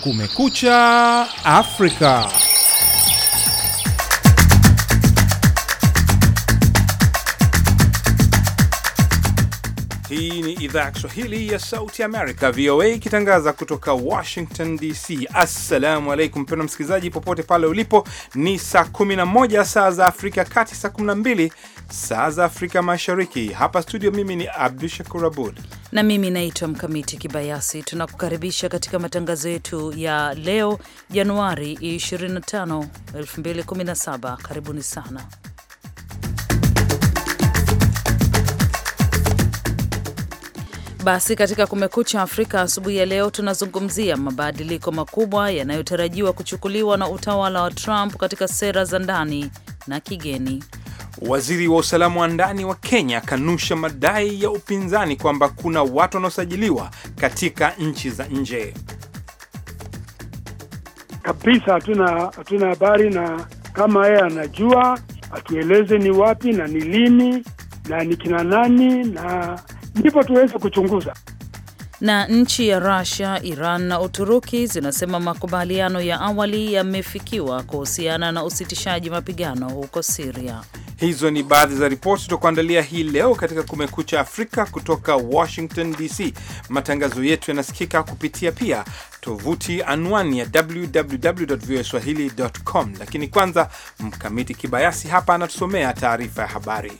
Kumekucha Afrika. Hii ni idhaa ya Kiswahili ya Sauti Amerika, VOA, ikitangaza kutoka Washington DC. Assalamu alaikum mpendwa msikilizaji, popote pale ulipo. Ni saa 11 saa za Afrika Kati, saa 12 saa za Afrika Mashariki. Hapa studio, mimi ni Abdu Shakur Abud na mimi naitwa Mkamiti Kibayasi. Tunakukaribisha katika matangazo yetu ya leo Januari 25, 2017. Karibuni sana. Basi katika Kumekucha Afrika asubuhi ya leo tunazungumzia mabadiliko makubwa yanayotarajiwa kuchukuliwa na utawala wa Trump katika sera za ndani na kigeni. Waziri wa usalama wa ndani wa Kenya akanusha madai ya upinzani kwamba kuna watu wanaosajiliwa katika nchi za nje. Kabisa hatuna hatuna habari, na kama yeye anajua atueleze ni wapi na ni lini na ni kina nani na ndipo tuweze kuchunguza. Na nchi ya Russia, Iran na Uturuki zinasema makubaliano ya awali yamefikiwa kuhusiana na usitishaji mapigano huko Siria. Hizo ni baadhi za ripoti tutakuandalia hii leo katika Kumekucha Afrika kutoka Washington DC. Matangazo yetu yanasikika kupitia pia tovuti anwani ya www.voaswahili.com, lakini kwanza Mkamiti Kibayasi hapa anatusomea taarifa ya habari.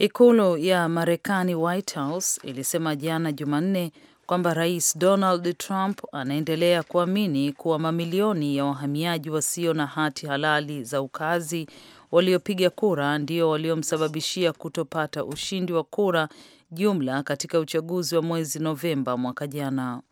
Ikulu ya Marekani, White House, ilisema jana Jumanne kwamba Rais Donald Trump anaendelea kuamini kuwa mamilioni ya wahamiaji wasio na hati halali za ukazi waliopiga kura ndio waliomsababishia kutopata ushindi wa kura jumla katika uchaguzi wa mwezi Novemba mwaka jana.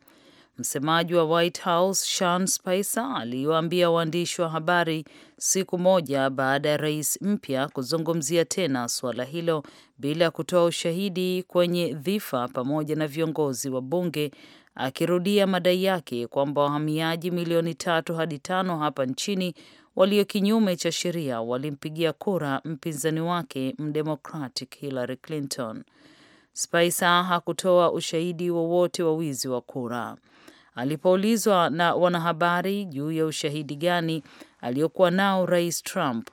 Msemaji wa White House Sean Spicer aliwaambia waandishi wa habari siku moja baada ya rais mpya kuzungumzia tena suala hilo bila kutoa ushahidi kwenye dhifa pamoja na viongozi wa bunge, akirudia madai yake kwamba wahamiaji milioni tatu hadi tano hapa nchini walio kinyume cha sheria walimpigia kura mpinzani wake mdemocratic Hillary Clinton. Spicer hakutoa ushahidi wowote wa wizi wa kura. Alipoulizwa na wanahabari juu ya ushahidi gani aliyokuwa nao Rais Trump,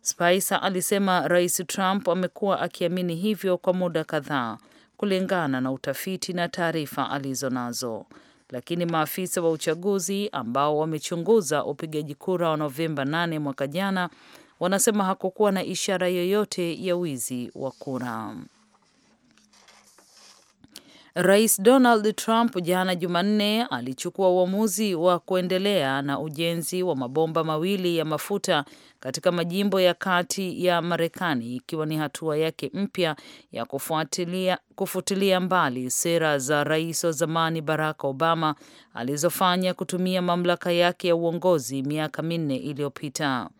Spicer alisema Rais Trump amekuwa akiamini hivyo kwa muda kadhaa kulingana na utafiti na taarifa alizo nazo, lakini maafisa wa uchaguzi ambao wamechunguza upigaji kura wa Novemba 8 mwaka jana wanasema hakukuwa na ishara yoyote ya wizi wa kura. Rais Donald Trump jana Jumanne alichukua uamuzi wa kuendelea na ujenzi wa mabomba mawili ya mafuta katika majimbo ya kati ya Marekani ikiwa ni hatua yake mpya ya kufuatilia, kufutilia mbali sera za rais wa zamani Barack Obama alizofanya kutumia mamlaka yake ya uongozi miaka minne iliyopita.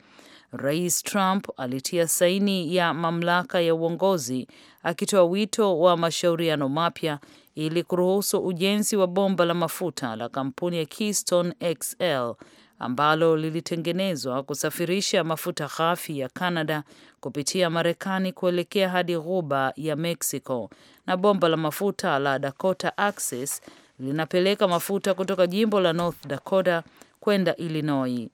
Rais Trump alitia saini ya mamlaka ya uongozi akitoa wito wa mashauriano mapya ili kuruhusu ujenzi wa bomba la mafuta la kampuni ya Keystone XL ambalo lilitengenezwa kusafirisha mafuta ghafi ya Canada kupitia Marekani kuelekea hadi ghuba ya Mexico, na bomba la mafuta la Dakota Access linapeleka mafuta kutoka jimbo la North Dakota kwenda Illinois.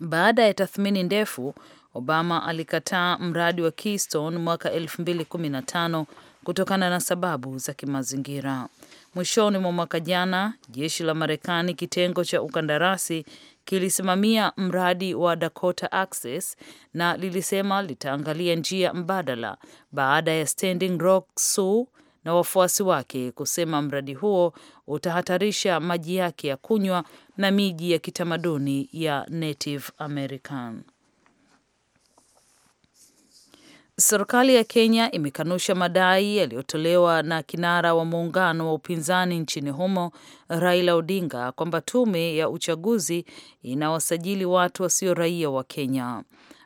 Baada ya tathmini ndefu, Obama alikataa mradi wa Keystone mwaka 2015 kutokana na sababu za kimazingira. Mwishoni mwa mwaka jana, jeshi la Marekani kitengo cha ukandarasi kilisimamia mradi wa Dakota Access na lilisema litaangalia njia mbadala baada ya Standing Rock Sioux na wafuasi wake kusema mradi huo utahatarisha maji yake ya kunywa na miji ya kitamaduni ya Native American. Serikali ya Kenya imekanusha madai yaliyotolewa na kinara wa muungano wa upinzani nchini humo Raila Odinga kwamba tume ya uchaguzi inawasajili watu wasio raia wa Kenya.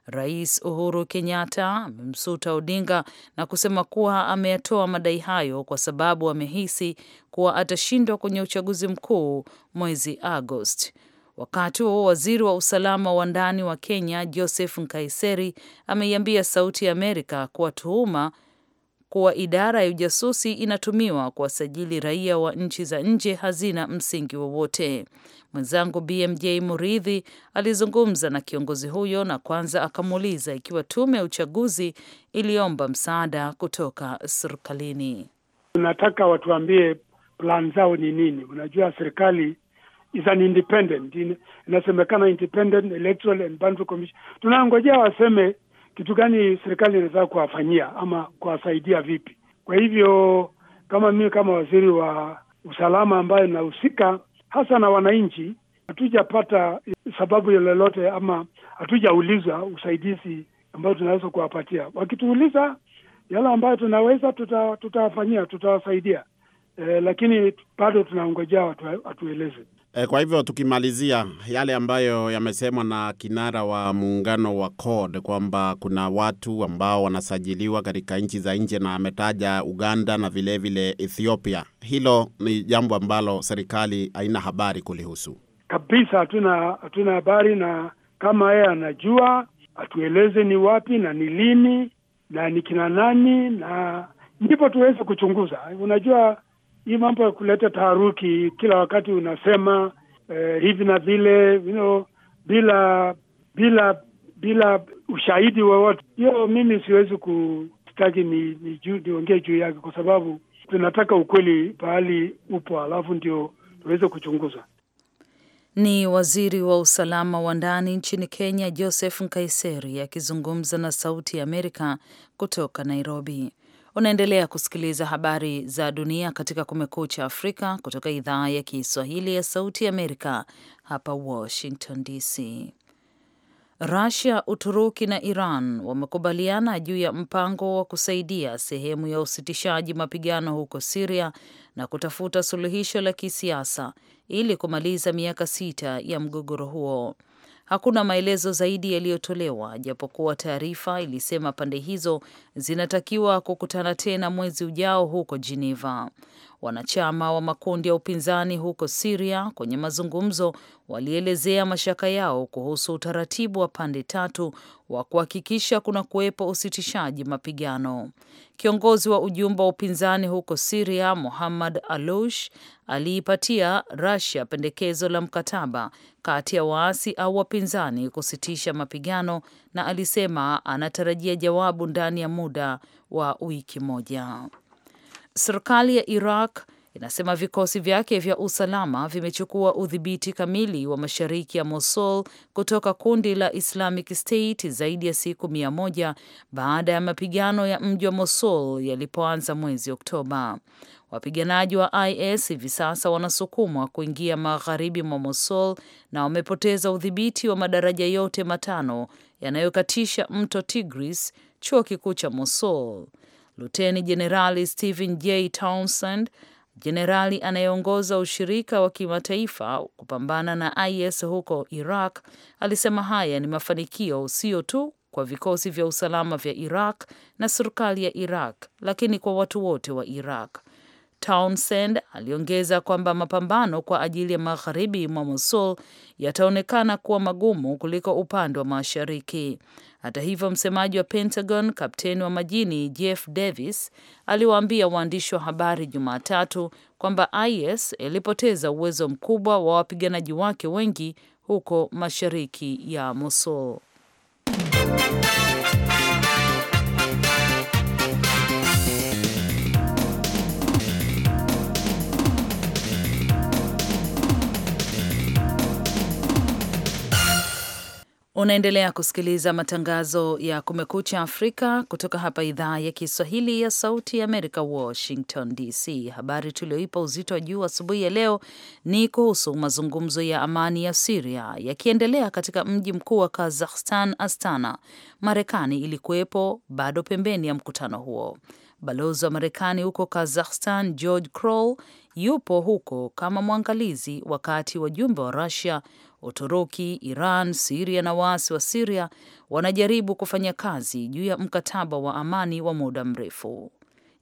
Rais Uhuru Kenyatta amemsuta Odinga na kusema kuwa ameyatoa madai hayo kwa sababu amehisi kuwa atashindwa kwenye uchaguzi mkuu mwezi Agosti. Wakati huo waziri wa usalama wa ndani wa Kenya Joseph Nkaiseri ameiambia Sauti ya Amerika kuwa tuhuma kuwa idara ya ujasusi inatumiwa kuwasajili raia wa nchi za nje hazina msingi wowote. Mwenzangu BMJ Muridhi alizungumza na kiongozi huyo na kwanza akamuuliza ikiwa tume ya uchaguzi iliomba msaada kutoka serikalini. Tunataka watuambie plan zao ni nini. Unajua serikali is an independent, inasemekana Independent Electoral and Boundary Commission. Tunangojea waseme kitu gani serikali inaweza kuwafanyia ama kuwasaidia vipi. Kwa hivyo kama mimi kama waziri wa usalama ambayo inahusika hasa na wananchi, hatujapata sababu lolote ama hatujaulizwa usaidizi ambayo tunaweza kuwapatia. Wakituuliza yale ambayo tunaweza tutawafanyia, tuta tutawasaidia. E, lakini bado tunaongojea watu, watueleze. Eh, kwa hivyo tukimalizia yale ambayo yamesemwa na kinara wa muungano wa CORD kwamba kuna watu ambao wanasajiliwa katika nchi za nje, na ametaja Uganda na vilevile vile Ethiopia. Hilo ni jambo ambalo serikali haina habari kulihusu kabisa. Hatuna hatuna habari, na kama yeye anajua atueleze ni wapi na ni lini na ni kina nani, na ndipo tuweze kuchunguza. Unajua hii mambo ya kuleta taharuki kila wakati unasema eh, hivi na vile you know, bila bila bila ushahidi wowote, hiyo mimi siwezi kustaki niongee ni juu yake, kwa sababu tunataka ukweli pahali upo, alafu ndio tuweze kuchunguza. Ni waziri wa usalama wa ndani nchini Kenya Joseph Nkaiseri akizungumza na Sauti ya Amerika kutoka Nairobi. Unaendelea kusikiliza habari za dunia katika Kumekucha Afrika kutoka idhaa ya Kiswahili ya Sauti Amerika, hapa Washington DC. rasia Uturuki na Iran wamekubaliana juu ya mpango wa kusaidia sehemu ya usitishaji mapigano huko Siria na kutafuta suluhisho la kisiasa ili kumaliza miaka sita ya mgogoro huo. Hakuna maelezo zaidi yaliyotolewa, japokuwa taarifa ilisema pande hizo zinatakiwa kukutana tena mwezi ujao huko Geneva wanachama wa makundi ya upinzani huko Siria kwenye mazungumzo walielezea mashaka yao kuhusu utaratibu wa pande tatu wa kuhakikisha kuna kuwepo usitishaji mapigano. Kiongozi wa ujumbe wa upinzani huko Siria Muhammad Alush aliipatia rasia pendekezo la mkataba kati ya waasi au wapinzani kusitisha mapigano na alisema anatarajia jawabu ndani ya muda wa wiki moja. Serikali ya Iraq inasema vikosi vyake vya usalama vimechukua udhibiti kamili wa mashariki ya Mosul kutoka kundi la Islamic State zaidi ya siku mia moja baada ya mapigano ya mji wa Mosul yalipoanza mwezi Oktoba. Wapiganaji wa IS hivi sasa wanasukumwa kuingia magharibi mwa Mosul na wamepoteza udhibiti wa madaraja yote matano yanayokatisha mto Tigris, chuo kikuu cha Mosul. Luteni Jenerali Stephen J Townsend, jenerali anayeongoza ushirika wa kimataifa kupambana na IS huko Iraq, alisema haya ni mafanikio sio tu kwa vikosi vya usalama vya Iraq na serikali ya Iraq, lakini kwa watu wote wa Iraq. Townsend aliongeza kwamba mapambano kwa ajili ya magharibi mwa Mosul yataonekana kuwa magumu kuliko upande wa mashariki. Hata hivyo, msemaji wa Pentagon, kapteni wa majini Jeff Davis aliwaambia waandishi wa habari Jumatatu kwamba IS ilipoteza uwezo mkubwa wa wapiganaji wake wengi huko mashariki ya Mosul. Unaendelea kusikiliza matangazo ya Kumekucha Afrika kutoka hapa idhaa ya Kiswahili ya Sauti ya Amerika, Washington DC. Habari tulioipa uzito wa juu asubuhi ya leo ni kuhusu mazungumzo ya amani ya Siria yakiendelea katika mji mkuu wa Kazakhstan, Astana. Marekani ilikuwepo bado pembeni ya mkutano huo. Balozi wa Marekani huko Kazakhstan, George Croll, yupo huko kama mwangalizi, wakati wajumbe wa Rusia Uturuki, Iran, Siria na waasi wa Siria wanajaribu kufanya kazi juu ya mkataba wa amani wa muda mrefu.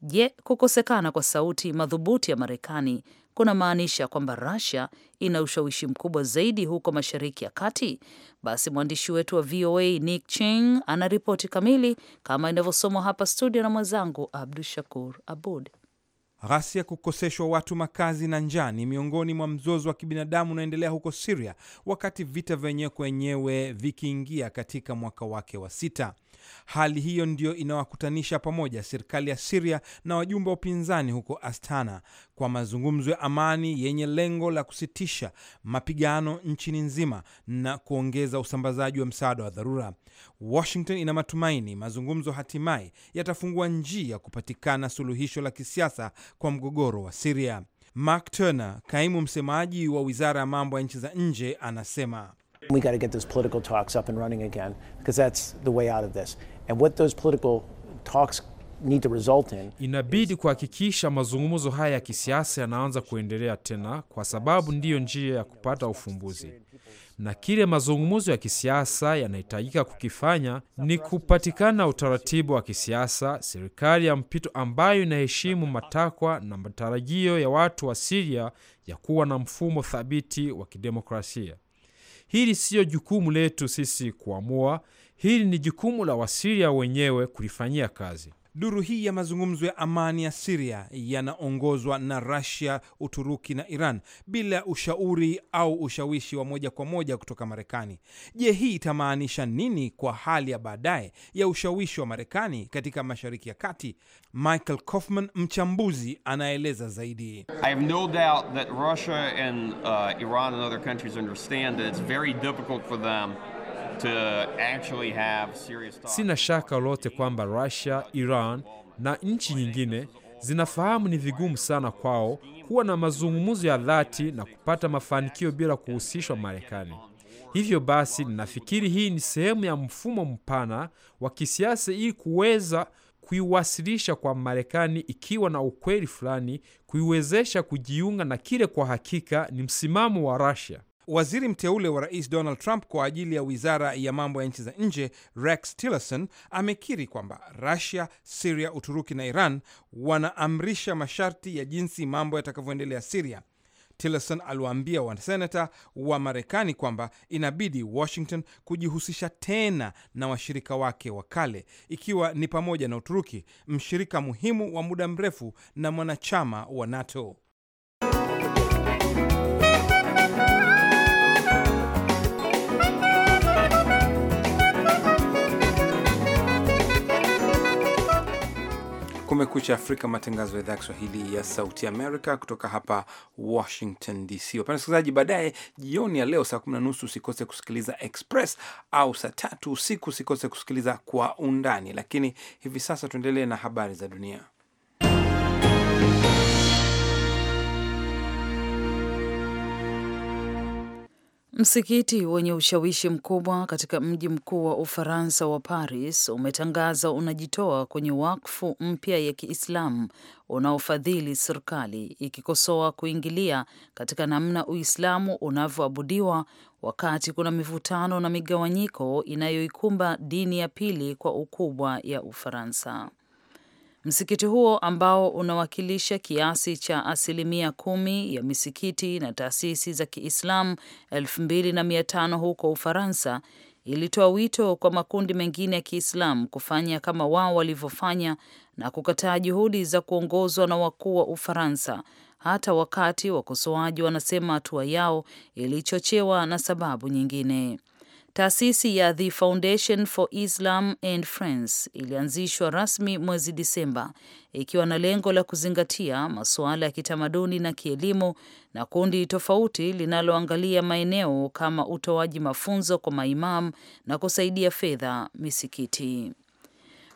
Je, kukosekana kwa sauti madhubuti ya Marekani kunamaanisha kwamba Russia ina ushawishi mkubwa zaidi huko Mashariki ya Kati? Basi mwandishi wetu wa VOA Nick Ching ana ripoti kamili, kama inavyosomwa hapa studio na mwenzangu Abdu Shakur Abud. Ghasia, kukoseshwa watu makazi na njaa ni miongoni mwa mzozo wa kibinadamu unaoendelea huko Siria, wakati vita vyenyewe kwenyewe vikiingia katika mwaka wake wa sita. Hali hiyo ndiyo inawakutanisha pamoja serikali ya Siria na wajumbe wa upinzani huko Astana kwa mazungumzo ya amani yenye lengo la kusitisha mapigano nchini nzima na kuongeza usambazaji wa msaada wa dharura. Washington ina matumaini mazungumzo hatimaye yatafungua njia kupatikana suluhisho la kisiasa kwa mgogoro wa Siria. Mark Turner, kaimu msemaji wa wizara ya mambo ya nchi za nje, anasema We got to get those political talks up and running again because that's the way out of this. And what those political talks need to result in. Inabidi kuhakikisha mazungumzo haya ya kisiasa yanaanza kuendelea tena kwa sababu ndiyo njia ya kupata ufumbuzi. Na kile mazungumzo ya kisiasa yanahitajika kukifanya ni kupatikana utaratibu wa kisiasa, serikali ya mpito ambayo inaheshimu matakwa na matarajio ya watu wa Siria ya kuwa na mfumo thabiti wa kidemokrasia. Hili siyo jukumu letu sisi kuamua, hili ni jukumu la Wasiria wenyewe kulifanyia kazi. Duru hii ya mazungumzo ya amani ya Siria yanaongozwa na Rasia, Uturuki na Iran bila ushauri au ushawishi wa moja kwa moja kutoka Marekani. Je, hii itamaanisha nini kwa hali ya baadaye ya ushawishi wa Marekani katika Mashariki ya Kati? Michael Kaufman, mchambuzi, anaeleza zaidi. I have no doubt that Russia and, uh, Iran and other countries understand that it's very difficult for them to actually have serious Sina shaka lolote kwamba Russia, Iran na nchi nyingine zinafahamu ni vigumu sana kwao kuwa na mazungumzo ya dhati na kupata mafanikio bila kuhusishwa Marekani. Hivyo basi, ninafikiri hii ni sehemu ya mfumo mpana wa kisiasa ili kuweza kuiwasilisha kwa Marekani ikiwa na ukweli fulani, kuiwezesha kujiunga na kile kwa hakika ni msimamo wa Russia. Waziri mteule wa rais Donald Trump kwa ajili ya wizara ya mambo ya nchi za nje Rex Tillerson amekiri kwamba rasia Siria, Uturuki na Iran wanaamrisha masharti ya jinsi mambo yatakavyoendelea Siria. Tillerson aliwaambia wasenata wa Marekani kwamba inabidi Washington kujihusisha tena na washirika wake wa kale, ikiwa ni pamoja na Uturuki, mshirika muhimu wa muda mrefu na mwanachama wa NATO. Kumekucha Afrika, matangazo ya idhaa ya Kiswahili ya Sauti Amerika kutoka hapa Washington DC. Wapenda wasikilizaji, baadaye jioni ya leo saa kumi na nusu usikose kusikiliza Express, au saa tatu usiku usikose kusikiliza Kwa Undani, lakini hivi sasa tuendelee na habari za dunia. Msikiti wenye ushawishi mkubwa katika mji mkuu wa Ufaransa wa Paris umetangaza unajitoa kwenye wakfu mpya ya Kiislamu unaofadhili serikali ikikosoa kuingilia katika namna Uislamu unavyoabudiwa wakati kuna mivutano na migawanyiko inayoikumba dini ya pili kwa ukubwa ya Ufaransa. Msikiti huo ambao unawakilisha kiasi cha asilimia kumi ya misikiti na taasisi za Kiislamu elfu mbili na mia tano huko Ufaransa ilitoa wito kwa makundi mengine ya Kiislamu kufanya kama wao walivyofanya na kukataa juhudi za kuongozwa na wakuu wa Ufaransa, hata wakati wakosoaji wanasema hatua yao ilichochewa na sababu nyingine. Taasisi ya The Foundation for Islam and Friends ilianzishwa rasmi mwezi Disemba ikiwa na lengo la kuzingatia masuala ya kitamaduni na kielimu na kundi tofauti linaloangalia maeneo kama utoaji mafunzo kwa maimam na kusaidia fedha misikiti.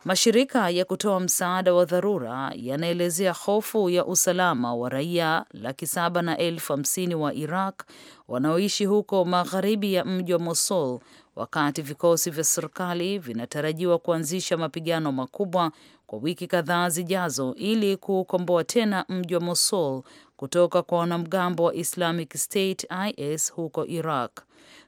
Mashirika ya kutoa msaada wa dharura yanaelezea hofu ya usalama wa raia laki saba na elfu hamsini wa Iraq wanaoishi huko magharibi ya mji wa Mosul wakati vikosi vya serikali vinatarajiwa kuanzisha mapigano makubwa kwa wiki kadhaa zijazo ili kuukomboa tena mji wa Mosul kutoka kwa wanamgambo wa Islamic State IS huko Iraq.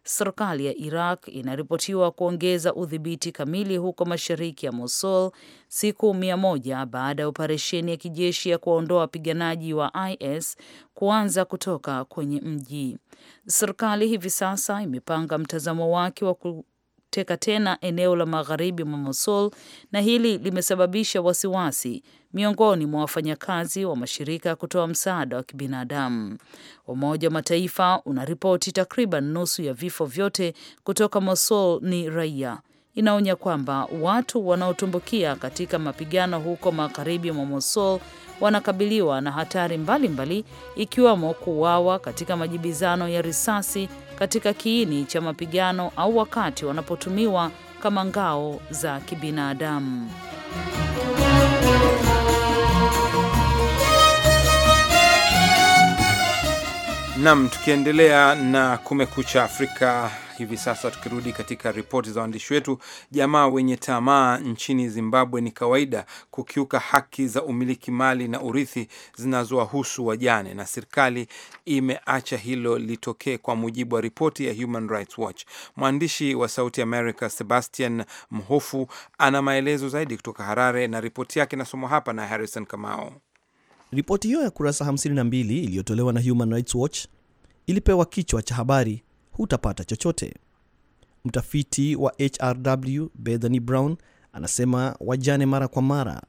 Serikali ya Iraq inaripotiwa kuongeza udhibiti kamili huko mashariki ya Mosul siku mia moja baada ya operesheni ya kijeshi ya kuwaondoa wapiganaji wa IS kuanza kutoka kwenye mji. Serikali hivi sasa imepanga mtazamo wake wa kuteka tena eneo la magharibi mwa Mosul na hili limesababisha wasiwasi miongoni mwa wafanyakazi wa mashirika ya kutoa msaada wa kibinadamu. Umoja wa Mataifa unaripoti takriban nusu ya vifo vyote kutoka Mosul ni raia. Inaonya kwamba watu wanaotumbukia katika mapigano huko magharibi mwa Mosul wanakabiliwa na hatari mbalimbali ikiwemo kuuawa katika majibizano ya risasi katika kiini cha mapigano au wakati wanapotumiwa kama ngao za kibinadamu. Nam, tukiendelea na Kumekucha Afrika hivi sasa. Tukirudi katika ripoti za waandishi wetu, jamaa wenye tamaa nchini Zimbabwe ni kawaida kukiuka haki za umiliki mali na urithi zinazowahusu wajane, na serikali imeacha hilo litokee, kwa mujibu wa ripoti ya Human Rights Watch. Mwandishi wa Sauti America Sebastian Mhofu ana maelezo zaidi kutoka Harare, na ripoti yake inasomwa hapa na Harrison Kamao. Ripoti hiyo ya kurasa 52 iliyotolewa na Human Rights Watch ilipewa kichwa cha habari hutapata chochote. Mtafiti wa HRW Bethany Brown anasema wajane mara kwa mara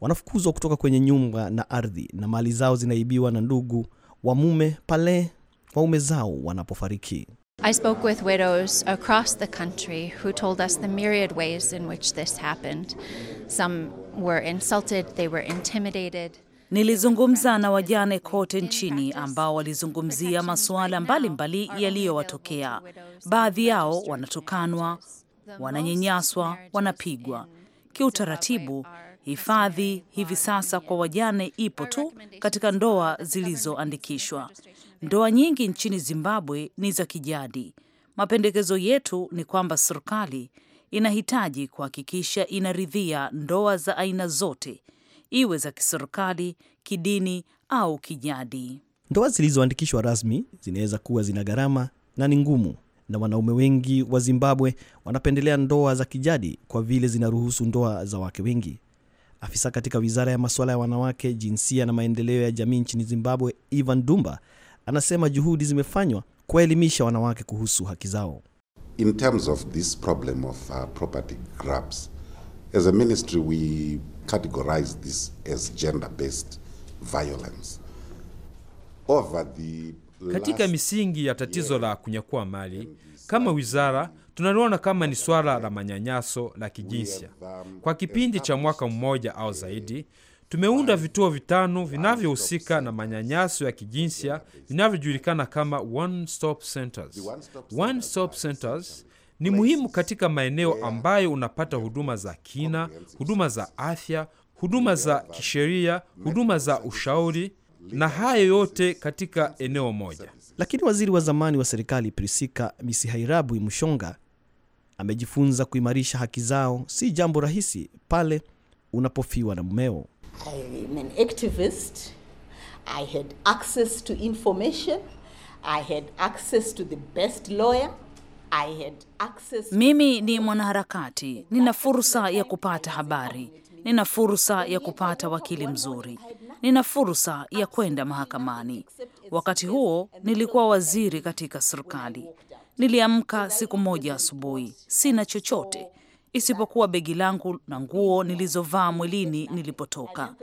wanafukuzwa kutoka kwenye nyumba na ardhi na mali zao zinaibiwa na ndugu wa mume pale waume zao wanapofariki. I spoke with widows across the country who told us the myriad ways in which this happened. Some were insulted, they were intimidated. Nilizungumza na wajane kote nchini ambao walizungumzia masuala mbalimbali yaliyowatokea. Baadhi yao wanatukanwa, wananyanyaswa, wanapigwa. Kiutaratibu, hifadhi hivi sasa kwa wajane ipo tu katika ndoa zilizoandikishwa. Ndoa nyingi nchini Zimbabwe ni za kijadi. Mapendekezo yetu ni kwamba serikali inahitaji kuhakikisha inaridhia ndoa za aina zote iwe za kiserikali, kidini au kijadi. Ndoa zilizoandikishwa rasmi zinaweza kuwa zina gharama na ni ngumu, na wanaume wengi wa Zimbabwe wanapendelea ndoa za kijadi kwa vile zinaruhusu ndoa za wake wengi. Afisa katika wizara ya masuala ya wanawake, jinsia na maendeleo ya jamii nchini Zimbabwe, Ivan Dumba, anasema juhudi zimefanywa kuwaelimisha wanawake kuhusu haki zao. In terms of this problem of, uh, property grabs, as a ministry we categorize this as gender-based violence. Over the katika misingi ya tatizo la kunyakua mali kama wizara tunaliona kama ni swala la manyanyaso la kijinsia. Um, Kwa kipindi cha mwaka mmoja au zaidi, tumeunda vituo vitano vinavyohusika na manyanyaso ya kijinsia vinavyojulikana kama one stop centers. One stop centers ni muhimu katika maeneo ambayo unapata huduma za kina, huduma za afya, huduma za kisheria, huduma za ushauri na hayo yote katika eneo moja. Lakini waziri wa zamani wa serikali Prisika Misihairabu Mushonga amejifunza kuimarisha haki zao si jambo rahisi pale unapofiwa na mmeo. I had access to information. I had access to the best lawyer. Mimi ni mwanaharakati, nina fursa ya kupata habari, nina fursa ya kupata wakili mzuri, nina fursa ya kwenda mahakamani. Wakati huo nilikuwa waziri katika serikali. Niliamka siku moja asubuhi, sina chochote isipokuwa begi langu na nguo nilizovaa mwilini nilipotoka.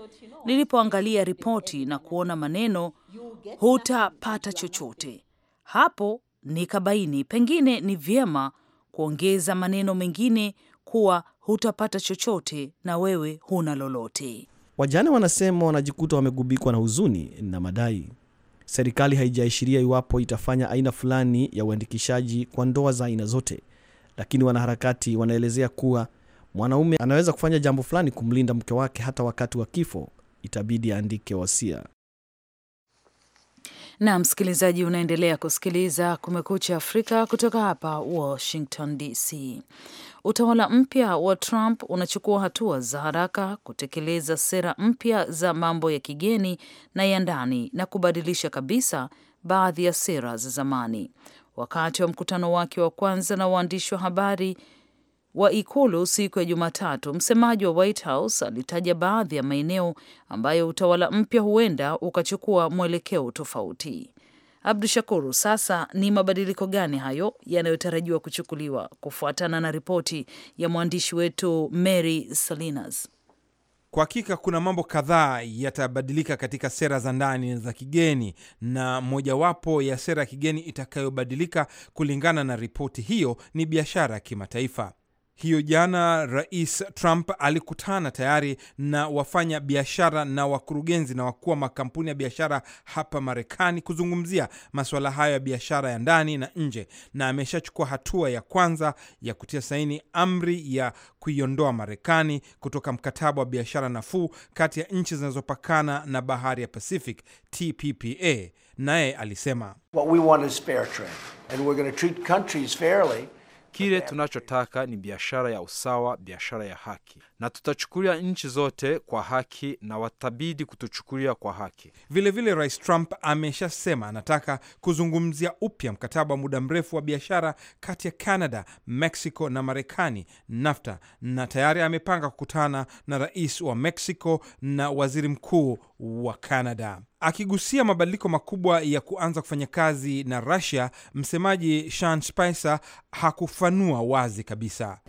Nilipoangalia ripoti na kuona maneno hutapata chochote, hapo nikabaini pengine ni vyema kuongeza maneno mengine kuwa hutapata chochote na wewe huna lolote. Wajane wanasema wanajikuta wamegubikwa na huzuni na madai. Serikali haijaashiria iwapo itafanya aina fulani ya uandikishaji kwa ndoa za aina zote, lakini wanaharakati wanaelezea kuwa mwanaume anaweza kufanya jambo fulani kumlinda mke wake, hata wakati wa kifo itabidi aandike wasia na msikilizaji, unaendelea kusikiliza Kumekucha Afrika kutoka hapa Washington DC. Utawala mpya wa Trump unachukua hatua za haraka kutekeleza sera mpya za mambo ya kigeni na ya ndani na kubadilisha kabisa baadhi ya sera za zamani. Wakati wa mkutano wake wa kwanza na waandishi wa habari wa ikulu siku ya Jumatatu, msemaji wa White House alitaja baadhi ya maeneo ambayo utawala mpya huenda ukachukua mwelekeo tofauti. Abdu Shakuru, sasa ni mabadiliko gani hayo yanayotarajiwa kuchukuliwa kufuatana na ripoti ya mwandishi wetu Mary Salinas? Kwa hakika kuna mambo kadhaa yatabadilika katika sera za ndani za kigeni, na mojawapo ya sera ya kigeni itakayobadilika kulingana na ripoti hiyo ni biashara ya kimataifa hiyo jana Rais Trump alikutana tayari na wafanya biashara na wakurugenzi na wakuu wa makampuni ya biashara hapa Marekani kuzungumzia masuala hayo ya biashara ya ndani na nje, na ameshachukua hatua ya kwanza ya kutia saini amri ya kuiondoa Marekani kutoka mkataba wa biashara nafuu kati ya nchi zinazopakana na bahari ya Pacific, TPPA. Naye alisema What we want is fair trade and we're Kile tunachotaka ni biashara ya usawa, biashara ya haki, na tutachukulia nchi zote kwa haki na watabidi kutuchukulia kwa haki vilevile. Vile Rais Trump ameshasema anataka kuzungumzia upya mkataba wa muda mrefu wa biashara kati ya Canada, Mexico na Marekani, NAFTA, na tayari amepanga kukutana na rais wa Mexico na waziri mkuu wa Canada. Akigusia mabadiliko makubwa ya kuanza kufanya kazi na Russia, msemaji Sean Spicer hakufanua wazi kabisa.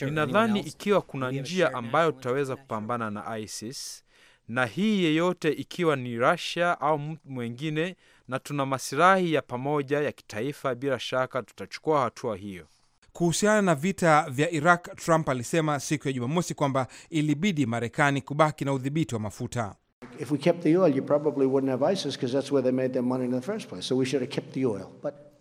Ninadhani ikiwa kuna njia ambayo tutaweza kupambana na ISIS na hii yeyote ikiwa ni Russia au mtu mwengine, na tuna masilahi ya pamoja ya kitaifa, bila shaka tutachukua hatua hiyo. Kuhusiana na vita vya Iraq, Trump alisema siku ya Jumamosi kwamba ilibidi Marekani kubaki na udhibiti wa mafuta.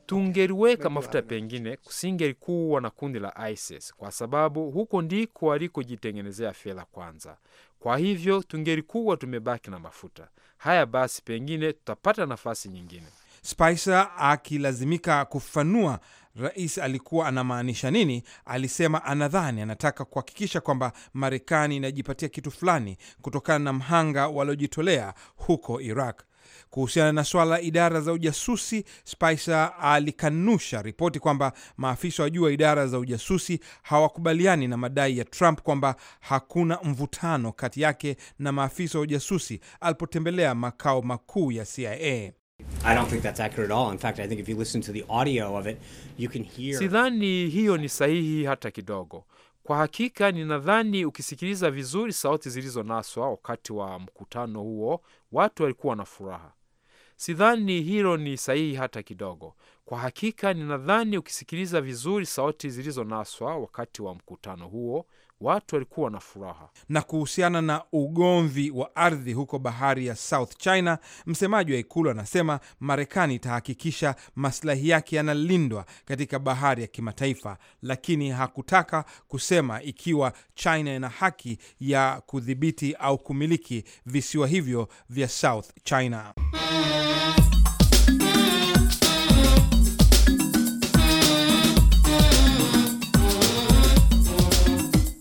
Tungeliweka mafuta pengine, kusingelikuwa na kundi la ISIS kwa sababu huko ndiko walikojitengenezea fedha kwanza. Kwa hivyo tungelikuwa tumebaki na mafuta haya, basi pengine tutapata nafasi nyingine. Spicer akilazimika kufafanua rais alikuwa anamaanisha nini. Alisema anadhani anataka kuhakikisha kwamba Marekani inajipatia kitu fulani kutokana na mhanga waliojitolea huko Iraq. Kuhusiana na swala la idara za ujasusi, Spicer alikanusha ripoti kwamba maafisa wa juu wa idara za ujasusi hawakubaliani na madai ya Trump kwamba hakuna mvutano kati yake na maafisa wa ujasusi alipotembelea makao makuu ya CIA. I don't think that's accurate at all. In fact, I think if you listen to the audio of it, you can hear... Sidhani hiyo ni sahihi hata kidogo. Kwa hakika ninadhani ukisikiliza vizuri sauti zilizonaswa wakati wa mkutano huo, watu walikuwa na furaha. Sidhani hilo ni sahihi hata kidogo. Kwa hakika ninadhani ukisikiliza vizuri sauti zilizonaswa wakati wa mkutano huo, watu walikuwa na furaha. Na kuhusiana na ugomvi wa ardhi huko bahari ya South China, msemaji wa ikulu anasema Marekani itahakikisha maslahi yake yanalindwa katika bahari ya kimataifa, lakini hakutaka kusema ikiwa China ina haki ya kudhibiti au kumiliki visiwa hivyo vya South China.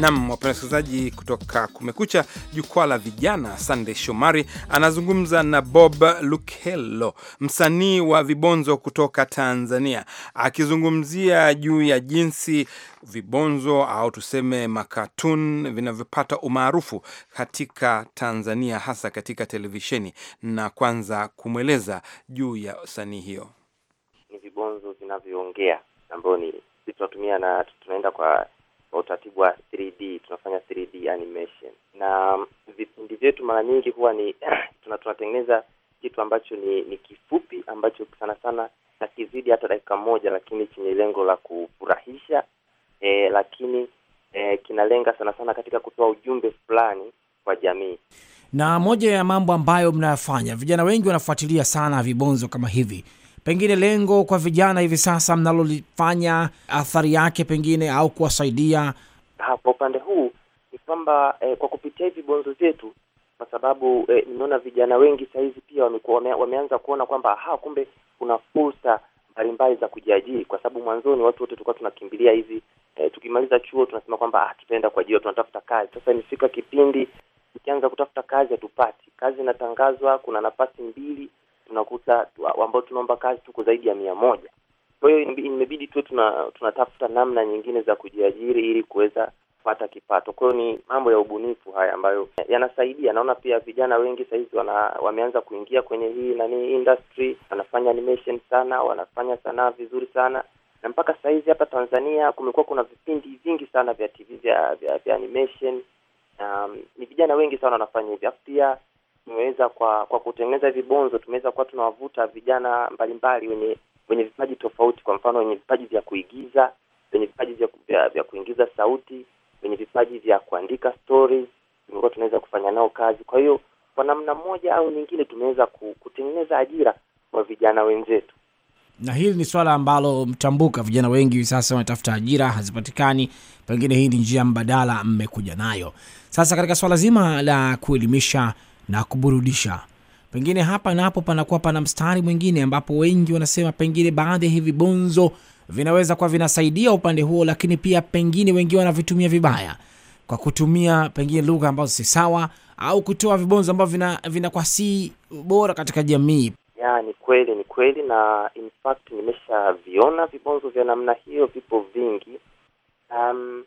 Nam, wapenda wasikilizaji, kutoka Kumekucha, jukwaa la vijana. Sandey Shomari anazungumza na Bob Lukelo, msanii wa vibonzo kutoka Tanzania, akizungumzia juu ya jinsi vibonzo au tuseme makatun vinavyopata umaarufu katika Tanzania, hasa katika televisheni, na kwanza kumweleza juu ya sanii hiyo. Ni vibonzo vinavyoongea ambayo ni tunatumia na tunaenda kwa kwa utaratibu wa 3D, tunafanya 3D animation na mm, vipindi vyetu mara nyingi huwa ni tunatengeneza kitu ambacho ni, ni kifupi ambacho sana sana takizidi hata dakika moja, lakini chenye lengo la kufurahisha e, lakini e, kinalenga sana sana katika kutoa ujumbe fulani kwa jamii. Na moja ya mambo ambayo mnayafanya, vijana wengi wanafuatilia sana vibonzo kama hivi pengine lengo kwa vijana hivi sasa mnalolifanya, athari yake pengine au kuwasaidia kwa upande huu ni kwamba eh, kwa kupitia hivi bonzo zetu, kwa sababu eh, nimeona vijana wengi sahizi pia wame, wameanza kuona kwamba ha, kumbe kuna fursa mbalimbali za kujiajiri, kwa sababu mwanzoni watu wote tulikuwa tunakimbilia hivi eh, tukimaliza chuo tunasema kwamba ah, tutaenda kuajiriwa, tunatafuta kazi. Sasa imefika kipindi ikianza kutafuta kazi hatupati kazi, inatangazwa kuna nafasi mbili tunakuta ambao tunaomba kazi tuko zaidi ya mia moja. Kwa hiyo imebidi tunatafuta tuna, tunatafuta namna nyingine za kujiajiri ili kuweza kupata kipato. Kwa hiyo ni mambo ya ubunifu haya ambayo yanasaidia. Naona pia vijana wengi sahizi wameanza kuingia kwenye hii nani industry, wanafanya animation sana, wanafanya sanaa vizuri sana na mpaka sahizi hapa Tanzania kumekuwa kuna vipindi vingi sana vya TV vya vya, vya animation. Um, ni vijana wengi sana wanafanya hivi, afu pia tumeweza kwa kwa kutengeneza vibonzo, tumeweza kuwa tunawavuta vijana mbalimbali wenye wenye vipaji tofauti, kwa mfano wenye vipaji vya kuigiza, wenye vipaji vya, vya, vya kuingiza sauti, wenye vipaji vya kuandika stories, tumekuwa tunaweza kufanya nao kazi. Kwa hiyo kwa namna moja au nyingine tumeweza kutengeneza ajira kwa vijana wenzetu, na hili ni swala ambalo mtambuka. Vijana wengi sasa wanatafuta ajira, hazipatikani. Pengine hii ni njia mbadala mmekuja nayo sasa katika swala zima la kuelimisha na kuburudisha. Pengine hapa na hapo panakuwa pana mstari mwingine ambapo wengi wanasema pengine baadhi ya hivi bonzo vinaweza kuwa vinasaidia upande huo, lakini pia pengine wengi wanavitumia vibaya kwa kutumia pengine lugha ambazo si sawa au kutoa vibonzo ambavyo vinakuwa vina si bora katika jamii. Ya, ni kweli ni kweli, na in fact nimeshaviona vibonzo vya namna hiyo, vipo vingi um,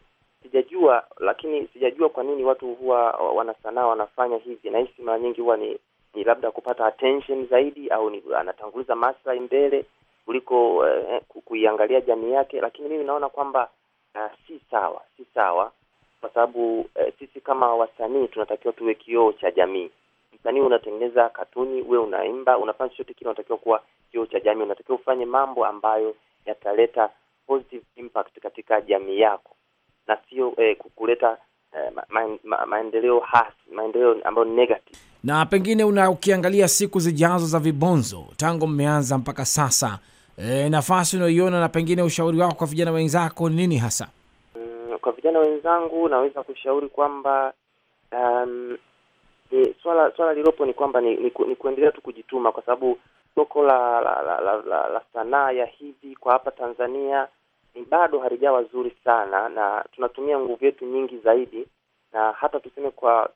sijajua, lakini sijajua kwa nini watu huwa wanasanaa wanafanya hivi. Nahisi mara nyingi huwa ni, ni labda kupata attention zaidi, au ni anatanguliza maslahi mbele kuliko eh, eh kuiangalia jamii yake, lakini mimi naona kwamba uh, si sawa, si sawa kwa sababu eh, sisi kama wasanii tunatakiwa tuwe kioo cha jamii. Msanii unatengeneza katuni, we unaimba, unafanya chochote kile, unatakiwa kuwa kioo cha jamii, unatakiwa ufanye mambo ambayo yataleta positive impact katika jamii yako na sio eh, kuleta eh, ma, ma, maendeleo hasi, maendeleo ambayo negative. Na pengine una ukiangalia siku zijazo za vibonzo tangu mmeanza mpaka sasa eh, nafasi unaoiona na pengine ushauri wako kwa vijana wenzako ni nini hasa? Mm, kwa vijana wenzangu naweza kushauri kwamba um, E, swala swala lilopo ni kwamba ni, ni, ni kuendelea tu kujituma kwa sababu soko la la, la, la, la, la sanaa ya hivi kwa hapa Tanzania bado halijawa zuri sana, na tunatumia nguvu yetu nyingi zaidi, na hata tuseme kwa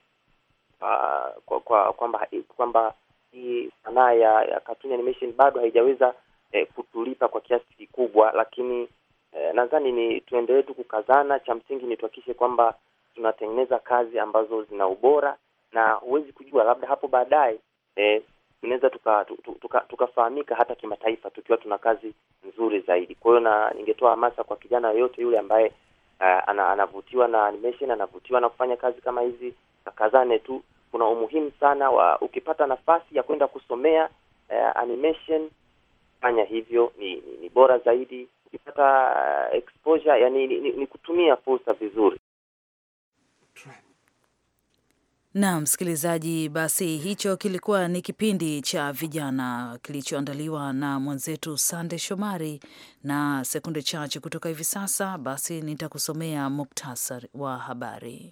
uh, kwa kwamba kwamba hii sanaa ya, ya cartoon animation bado haijaweza eh, kutulipa kwa kiasi kikubwa, lakini eh, nadhani ni tuendelee tu kukazana. Cha msingi ni tuhakikishe kwamba tunatengeneza kazi ambazo zina ubora, na huwezi kujua labda hapo baadaye eh, tunaweza tukafahamika tuka, tuka hata kimataifa tukiwa tuna kazi nzuri zaidi. Kwa hiyo na ningetoa hamasa kwa kijana yoyote yule ambaye uh, anavutiwa na animation, anavutiwa na kufanya kazi kama hizi, kazane tu. Kuna umuhimu sana wa ukipata nafasi ya kwenda kusomea uh, animation, fanya hivyo, ni, ni, ni bora zaidi. Ukipata uh, exposure, yani ni, ni, ni kutumia fursa vizuri. Na msikilizaji, basi hicho kilikuwa ni kipindi cha vijana kilichoandaliwa na mwenzetu Sande Shomari, na sekunde chache kutoka hivi sasa, basi nitakusomea muktasari wa habari.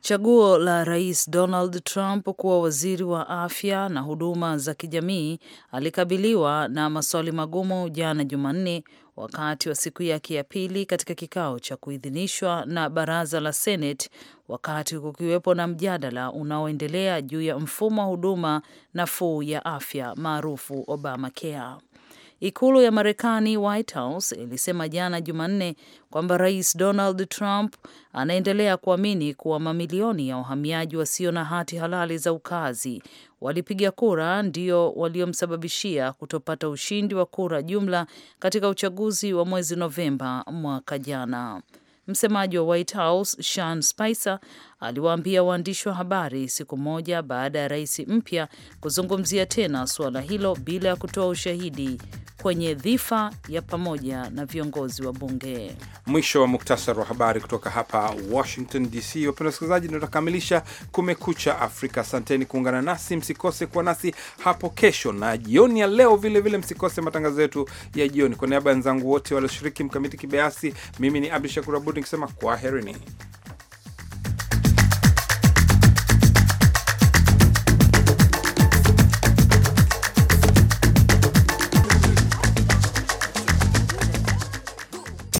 Chaguo la Rais Donald Trump kuwa waziri wa afya na huduma za kijamii alikabiliwa na maswali magumu jana Jumanne wakati wa siku yake ya pili katika kikao cha kuidhinishwa na baraza la Seneti, wakati kukiwepo na mjadala unaoendelea juu ya mfumo wa huduma nafuu ya afya maarufu Obamacare. Ikulu ya Marekani, White House, ilisema jana Jumanne kwamba Rais Donald Trump anaendelea kuamini kuwa mamilioni ya wahamiaji wasio na hati halali za ukazi walipiga kura ndio waliomsababishia kutopata ushindi wa kura jumla katika uchaguzi wa mwezi Novemba mwaka jana. Msemaji wa White House Sean Spicer aliwaambia waandishi wa habari siku moja baada ya rais mpya kuzungumzia tena suala hilo bila ya kutoa ushahidi kwenye dhifa ya pamoja na viongozi wa bunge. Mwisho wa muktasari wa habari kutoka hapa Washington DC. Wapenda wasikilizaji, ndio Kumekucha Afrika. Asanteni kuungana nasi, msikose kuwa nasi hapo kesho na jioni ya leo vilevile vile, msikose matangazo yetu ya jioni. Kwa niaba ya wenzangu wote walioshiriki, Mkamiti Kibayasi, mimi ni Abdu Shakur Abud nikisema kwaherini.